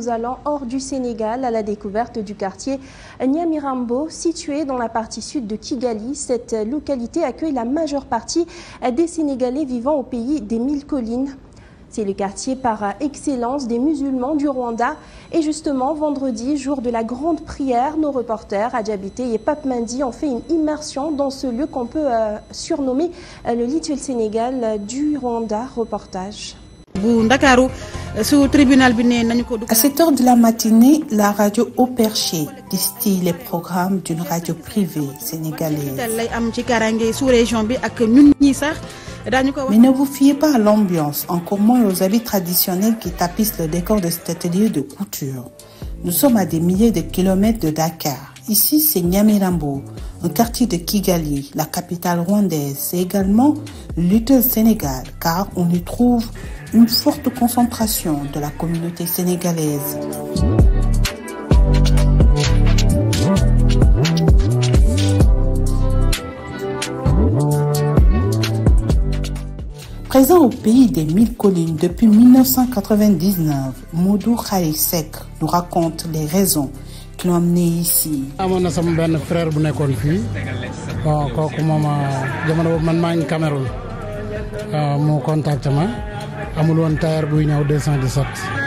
nous allons hors du Sénégal à la découverte du quartier Nyamirambo, situé dans la partie sud de Kigali. Cette localité accueille la majeure partie des Sénégalais vivant au pays des collines. C'est le quartier par excellence des musulmans du Rwanda. Et justement, vendredi, jour de la grande prière, nos reporters Adjabité et Pape Mendy ont fait une immersion dans ce lieu qu'on peut euh, surnommer euh, le Little Sénégal du Rwanda. Reportage. bu Ndakaaru euh, sous tribunal bi ne nañu ko. à sept heures de la matinée la radio au perché distille les programmes d'une radio privée sénégalaise. am ci kaaraange sous bi ak ñun ñi sax daañu mais ne vous fiez pas à l'ambiance encore moins aux habits traditionnels qui tapissent le décor de cet atelier de couture nous sommes à des milliers de kilomètres de Dakar ici c'est Nyamirambo un quartier de Kigali la capitale rwandaise c'est également Little Sénégal car on y trouve. une forte concentration de la communauté sénégalaise. Présent au pays des mille collines depuis 1999, Modou Khaïsek nous raconte les raisons qui l'ont amené ici. amoon na sama benn frère bu nekkoon fii ah, man Cameroun ah, mu contacte amul woon tailleur buy ñëw 217.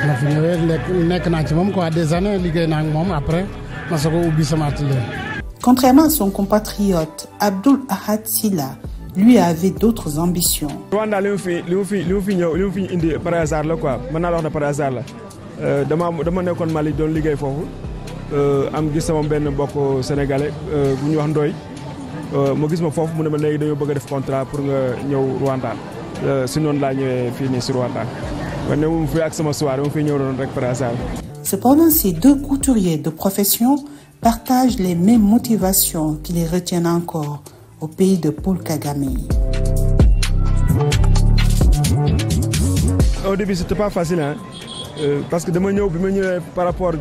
ma fi ñëwee nekk naa ci moom quoi des années liggéey naa ak moom après ma soog a ubbi sama atelier. Contrairement à son compatriote Abdoul Ahad Silla. lui a d'autres ambitions. Rwanda li mu fi li fi li fi ñëw li mu fi indi par hasard la quoi mën naa la wax ne par hasard la euh, dama dama nekkoon Mali doon liggéey foofu euh, am gis sama benn mbokk sénégalais euh, bu ñuy wax Ndoy ma gis ma foofu mu ne ma léegi dañoo bëgg a def contrat pour nga ñëw Rwanda. Euh, si noonu laa ñëwee fii nii sur Wata kon mu fi ak sama soirée mu fi ñëw doon rek par Cependant, ces deux couturiers de profession partagent les mêmes motivations qui les retiennent encore au pays de Paul Kagame. Au début, c'était pas facile euh, parce que dama ñëw bi ma ñëwee par rapport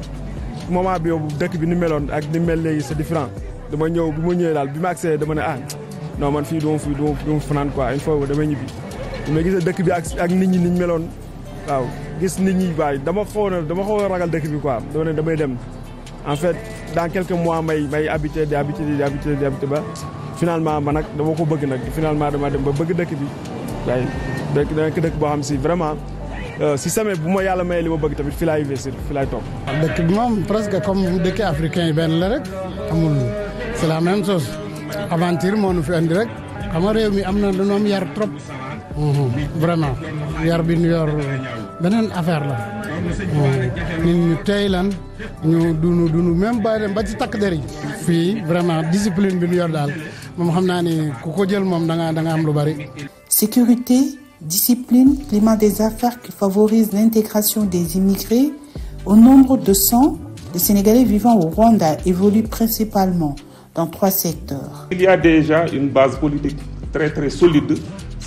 moment bi bu dëkk bi ni meloon ak ni mel léegi c'est différent dama ñëw bi ma ñëwee daal bi ma accès dama ne ah non man fii dama ma fi du ma ñibbi. mais gis dëkk bi ak ak nit ñi niñ meloon waaw gis nit ñi waaye dama xawoon a dama xawoon a ragal dëkk bi quoi dama ne damay dem en fait dans quelques mois may may habité di habité di habité di habité ba finalement man nag dama ko bëgg nag finalement dama dem ba bëgg dëkk bi waaye dëkk nekk dëkk boo xam si vraiment euh, si sama bu ma yàlla mayee li ma bëgg tamit fi laay investir fi laay toog. dëkk bi moom presque comme dëkk africain yi benn la rek amul c'est la même chose aventure moo nu fi andi rek xam nga réew mi am na dañoo am vraiment yar bi ñu yor beneen affaire la nit ñu tey lan ñu dunu dunu même ba dem takk der yi fii vraiment discipline bi ñu yor daal moom xam naa ni ku ko jël moom da da nga am lu bari. sécurité discipline climat des affaires qui favorise l'intégration des immigrés au nombre de 100 les Sénégalais vivant au Rwanda évoluent principalement dans trois secteurs. Il y a déjà une base politique très très solide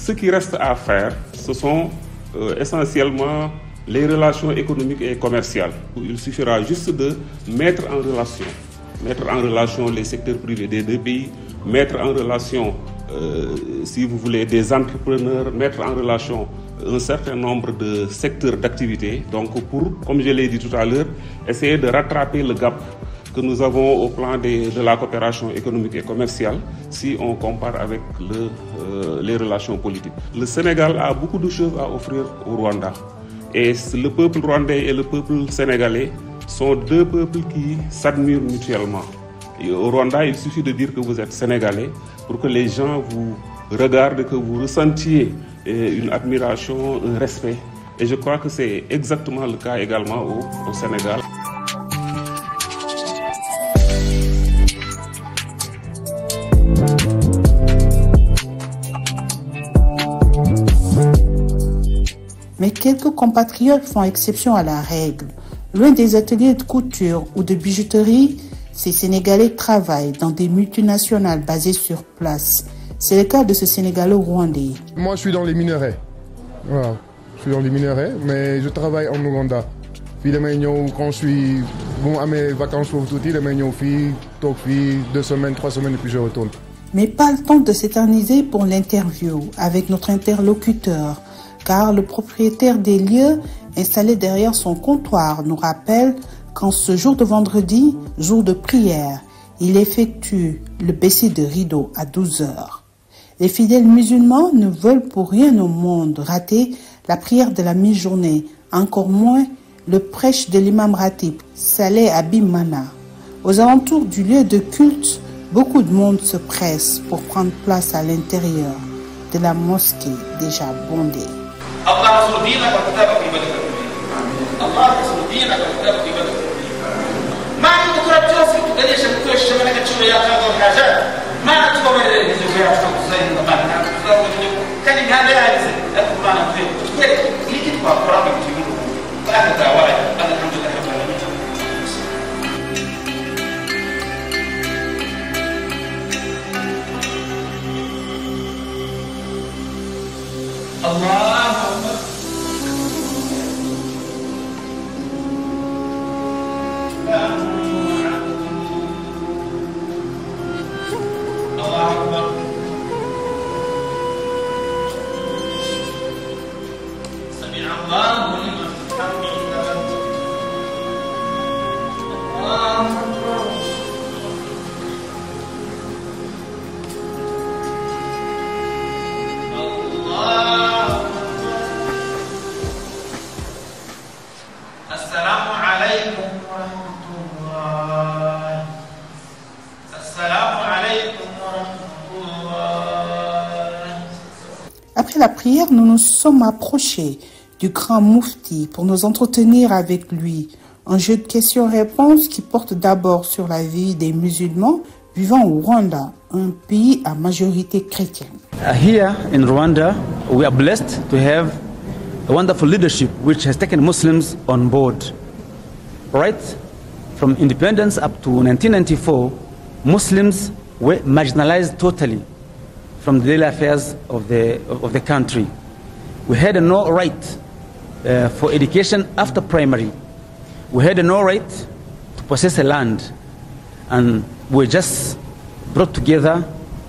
ce qui reste à faire ce sont euh, essentiellement les relations économiques et commerciales. Il suffira juste de mettre en relation, mettre en relation les secteurs privés des deux pays, mettre en relation, euh, si vous voulez, des entrepreneurs, mettre en relation un certain nombre de secteurs d'activité. Donc pour, comme je l'ai dit tout à l'heure, essayer de rattraper le gap que nous avons au plan des, de la coopération économique et commerciale si on compare avec euh, les relations politiques. Le Sénégal a beaucoup de choses à offrir au Rwanda. Et le peuple rwandais et le peuple sénégalais sont deux peuples qui s'admirent mutuellement. Et au Rwanda, il suffit de dire que vous êtes sénégalais pour que les gens vous regardent, que vous ressentiez euh, une admiration, un respect. Et je crois que c'est exactement le cas également au Sénégal. mais quelques compatriotes font exception à la règle. Loin des ateliers de couture ou de bijouterie, ces Sénégalais travaillent dans des multinationales basées sur place. C'est le cas de ce Sénégalo-Rwandais. Moi, je suis dans les minerais. mais je travaille en Ouganda. fii damay ñëw quand je suis bu mu amee vacances foofu tuuti damay ñëw fii fii deux semaines trois semaines et puis je retourne. Mais pas le temps de s'éterniser pour l'interview avec notre interlocuteur. car le propriétaire des lieux installé derrière son comptoir nous rappelle qu'en ce jour de vendredi, jour de prière, il effectue le baisser de rideau à 12 heures. Les fidèles musulmans ne veulent pour rien au monde rater la prière de la mi-journée, encore moins le prêche de l'imam Ratib, Saleh Abimana. Aux alentours du lieu de culte, beaucoup de monde se presse pour prendre place à l'intérieur de la mosquée déjà bondée. الله يسر دينك وكتابك في بدنك الله يسر دينك وكتابك في بدنك ما عندك كرة جلسة قال يا شبكة الشمال لك تشوف يا أخي الحاجات ما عندك من الهزم يا أخي الزين كلمة هذا يا هزم القرآن فيه لكن القرآن Après nous nous sommes approchés du grand Moufti pour nous entretenir avec lui. Un jeu de questions qui porte d'abord sur la vie des musulmans vivant au Rwanda, un pays à majorité chrétienne. Uh, here in Rwanda, we are blessed to have a Muslims on board. from independence up to Muslims were marginalized totally from the daily affairs of the, country. We had no right uh, education after primary. We had no right to possess a land. And we just brought together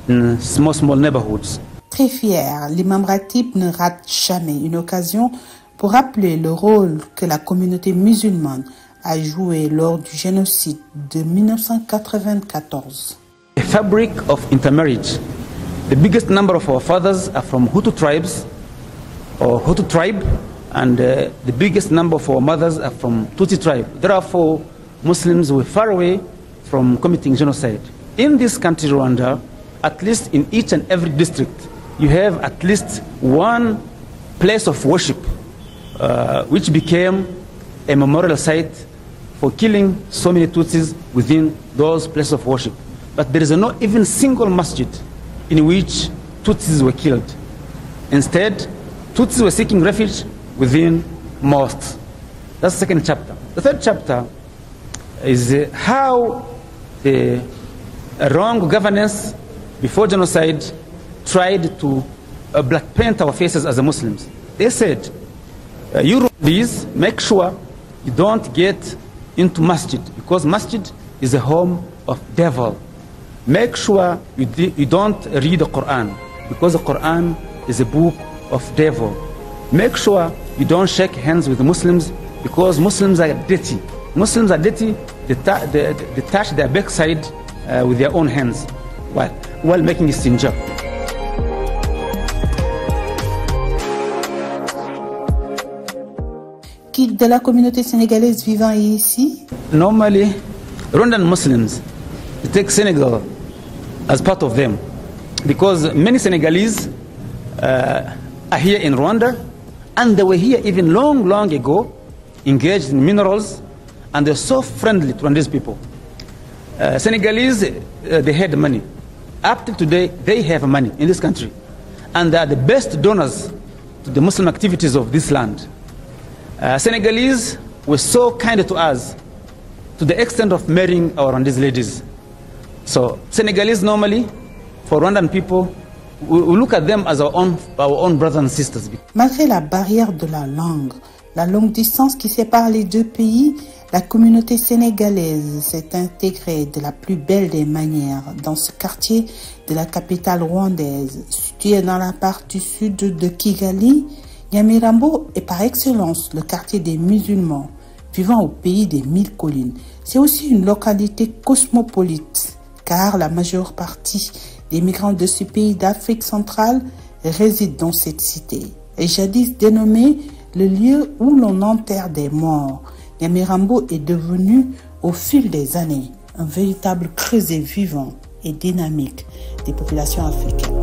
in small, small neighborhoods. Très fier, l'imam Ratib ne rate jamais une occasion pour rappeler le rôle que la communauté musulmane a joué lors du génocide de fabric of intermarriage. The biggest number of our fathers are from Hutu tribes or Hutu tribe, and uh, the biggest number of our mothers are from Tutsi tribe. Therefore, Muslims were far away from committing genocide. In this country, Rwanda, at least in each and every district, you have at least one place of worship uh, which became a memorial site for killing so many Tutsis within those places of worship. But there is no even single masjid in which Tutsis were killed. Instead, Tutsis were seeking refuge within mosques. That's the second chapter. The third chapter is uh, how the uh, wrong governance before genocide tried to uh, black paint our faces as the Muslims. They said, uh, you please make sure you don't get into masjid because masjid is a home of devil. make sure you, you don't read the Quran because the Quran a book of devil. you don't shake hands with Muslims because Muslims are dirty. Muslims touch their backside uh, with their own hands while, making istinja. Qui de la as part of them. Because many Senegalese uh, are here in Rwanda, and they were here even long, long ago, engaged in minerals, and they're so friendly to Rwandese people. Uh, Senegalese, uh, they had money. Up to today, they have money in this country. And they are the best donors to the Muslim activities of this land. Uh, Senegalese were so kind to us to the extent of marrying our Rwandese ladies. So Senegalese normally, for Rwandan people, we la barrière de la langue, la longue distance qui sépare les deux pays, la communauté sénégalaise s'est intégrée de la plus belle des manières dans ce quartier de la capitale rwandaise, situé dans la partie sud de Kigali. Nyamirambo est par excellence le quartier des musulmans vivant au pays des collines. C'est aussi une localité cosmopolite car la majeure partie des migrants de ce pays d'Afrique centrale résident dans cette cité. Et jadis dénommée le lieu où l'on enterre des morts, Nyamirambo est devenu au fil des années un véritable creuset vivant et dynamique des populations africaines.